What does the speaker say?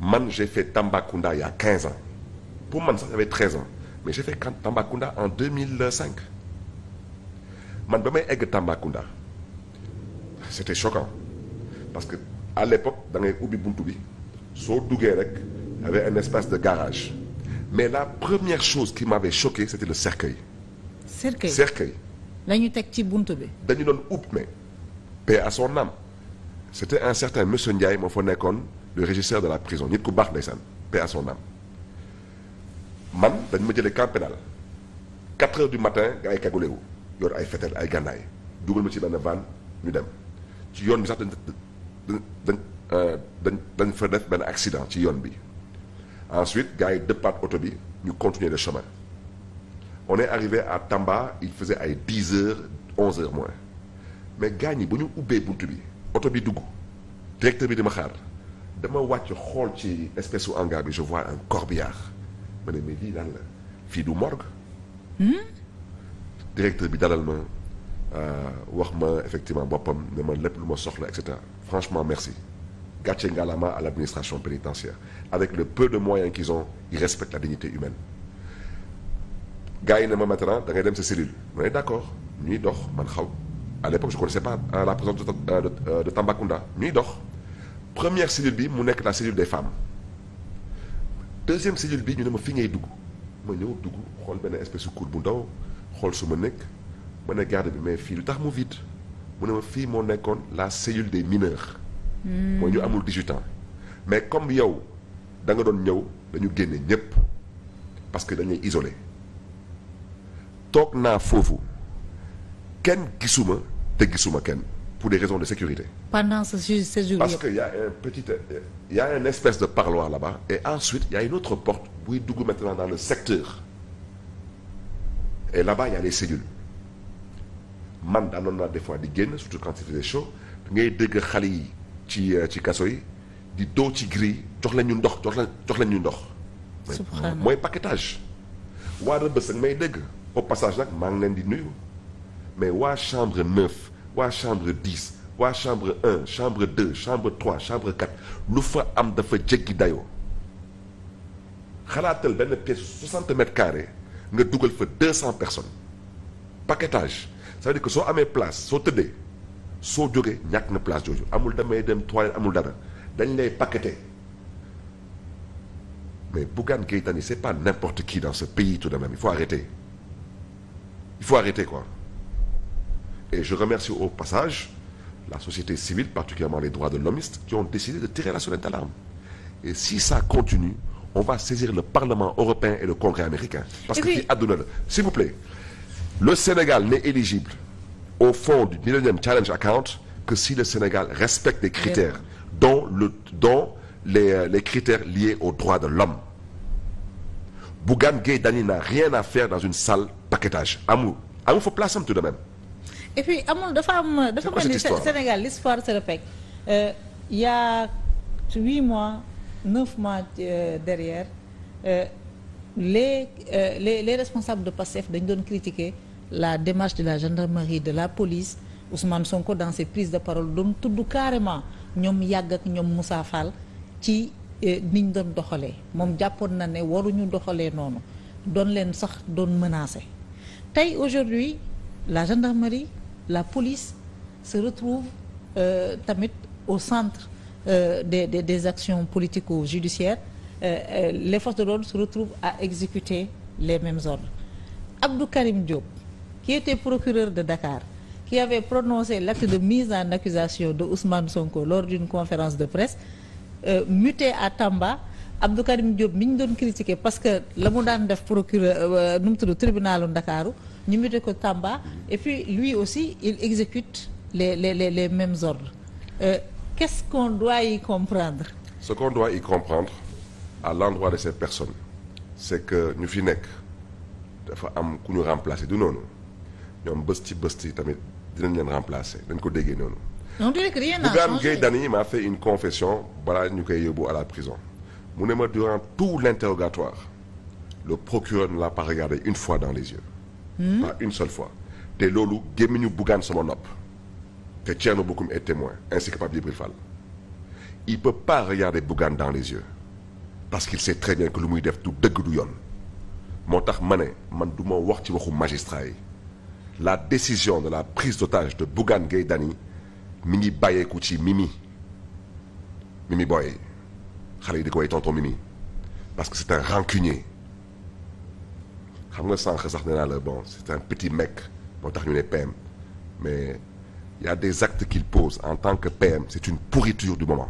man j'ai fait Tambacounda il y a 15 pour man sax j'avais 13 an mais j'ai fait Tambacounda en 2005 man ba may egg Tambacounda c'était choquant parce que à l'époque da ngay ubbi bunt bi soo duggee rek y avait un espace de garage mais la première chose qui m'avait choqué c'était le cercueil. cercueil cercueil. la ñu teg ci bunt bi. dañu doon ub mais paix à son âme c'était un certain monsieur Ndiaye moo fa nekkoon. le régisseur de la prison nit ku baax ndeysaan paix à son âme man dañ ma jëlee camp pénal 4 heures du matin nga ay kagolewu yor ay fetel ay gànnaay dugal ma ci benn van ñu dem ci yoon bi sax dañ euh, dañ dañ fa def benn accident ci yoon bi ensuite gars yi dëppaat oto bi ñu continuer le chemin on arrivé à Tamba il faisait ay 10 heures 11 heures moins mais gars ñi bu ñu ubbee bunt bi oto bi dugg directeur bi di ma xaar. dama wàcc xool ci espèce su hangar bi je vois un corbillard ma ne mais lii lan la fii du morgue. Hmm? directeur bi dalal ma euh, wax ma effectivement boppam ne man lépp lu ma soxla et cetera franchement merci gàcce ngalaama à l'administration pénitentiaire avec le peu de moyens qu'ils ont ils respectent la dignité humaine. gars yi ne ma maintenant ah, da ngay dem sa cellule ma ne d'accord ñuy dox man xaw à l'époque je connaissais pas euh, la prison euh, de Tambacounda ñuy dox. première cellule bi mu nekk la cellule de femmes deuxième cellule bi ñu ne ma fi ngay dugg ma ñëw dugg xool benn espèce de bu ndaw xool su ma nekk ma ne garde bi mais fii lu tax mu vide mu ne ma fii moo nekkoon la cellule des mineurs. Hmm. mooy ñu amul 18 mais comme yow da nga doon ñëw dañu génne ñëpp parce que dañuy isole toog naa foofu kenn gisuma te gisuma kenn. pour des raisons de sécurité. pendant ce que y' a euh, y' a une espèce de parloir là-bas et ensuite y' a une autre porte buy dugg maintenant dans le secteur et là-bas y' a les cellules man daanoon naa des fois di génn surtout quand il faisait chaud ngay dégg xale yi ci euh, ci kaso yi di doo ci gris jox leen ñu ndox jox leen jox leen ñu ndox. mooy paquetage. waa Rebeuss may dégg au passage nag maa ngi leen di nuyu mais waa chambre waa chambre 10 waa chambre 1 chambre 2 chambre 3 chambre 4 lu fa am dafa jéggi dayoo xalaatal benn pièce 60 mètres carrés nga dugal fa 200 personnes paquetage ça veut dire que soo amee place soo tëddee soo jógee ñàkk na place jooju amul damay dem toilette amul dara dañ lay paqueté mais Bougane Gueye Dany c'est pas n'importe qui dans ce pays tout de même il faut arrêter il faut arrêter quoi Et je remercie au passage la société civile, particulièrement les droits de l'homiste, qui ont décidé de tirer la sonnette d'alarme. Et si ça continue, on va saisir le Parlement européen et le Congrès américain. Parce que qui puis... S'il le Sénégal n'est éligible au fond du Millennium Challenge Account que si le Sénégal respecte les critères, dont, les, euh, les critères liés aux droits de l'homme. Bougan Gay Dani n'a rien à faire dans une salle paquetage. Amou, Amou, faut de et puis amul dafa am dafa mel ni Sénégal l'histoire se répète euh, huit mois neuf mois euh, derrière euh, les euh, les les responsables de PASTEF dañ doon critiquer la démarche de la gendarmerie de la police Ousmane Sonko dans ses prises de parole doon tudd carrément ñoom yàgg ak ñoom Moussa Fall ci euh, niñ doon doxalee moom jàppoon na ne waruñu doxalee noonu doon leen sax doon menacer tey aujourd'hui la gendarmerie la police se retrouve euh, tamit au centre euh, des, des des actions politico-judiciaires euh, euh, les forces de l'ordre se retrouvent à exécuter les mêmes zones Abdou Karim Diop qui était procureur de Dakar qui avait prononcé l'acte de mise en accusation de Ousmane Sonko lors d'une conférence de presse euh, muté à Tamba Abdou Karim Diop mi ñu doon critiqué parce que la mu daan def procureur euh, nu mu tudd tribunalu Ndakaaru ñu de ko Tamba et puis lui aussi il exécute les les les, les mêmes ordres euh, qu'est-ce qu'on doit y comprendre ce qu'on doit y comprendre à l'endroit de ces personnes c'est que ñu fi nekk dafa am ku ñu remplacer du noonu ñoom bës ci bës ci tamit dinañ leen remplacer dañ ko déggee noonu on dirait que rien n'a changé m'a fait une confession balaa ñu koy yóbbu à la prison mu ne ma durant tout l'interrogatoire le procureur ne l'a pas regardé une fois dans les yeux Hmm? pas une seule fois te loolu gémmiñu Bougane sama nopp te Thierno Bocoum est témoin ainsi que Pape Djibril Fall il peut pas regarder Bougane dans les yeux parce qu'il sait très bien que lu muy def du dëgg du yoon moo tax ma ne man du ma wax ci waxu magistrat yi la décision de la prise d'otage de Bougane Gueye Dany mi ngi bàyyeeku ci Mimi Mimi Boye xale yi di ko way tonton Mimi parce que c'est un rancunier xam nga sànq sax nee naa la bon c'est un petit mec moo tax ñu ne PM mais il y a des actes qu'il pose en tant que PM c'est une pourriture du moment